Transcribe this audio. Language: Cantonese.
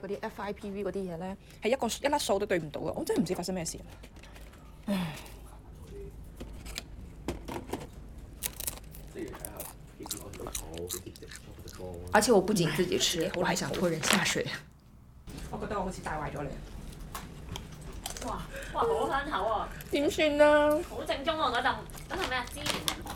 嗰啲 FIPV 嗰啲嘢咧，係一個一粒數都對唔到嘅，我真係唔知發生咩事。而且唉我不僅自，自己吃，不是我還想拖人下水。嗯、我覺得我好似帶壞咗你。哇哇好香口啊！點算啊？好正宗啊，嗰陣，噉係咩啊？資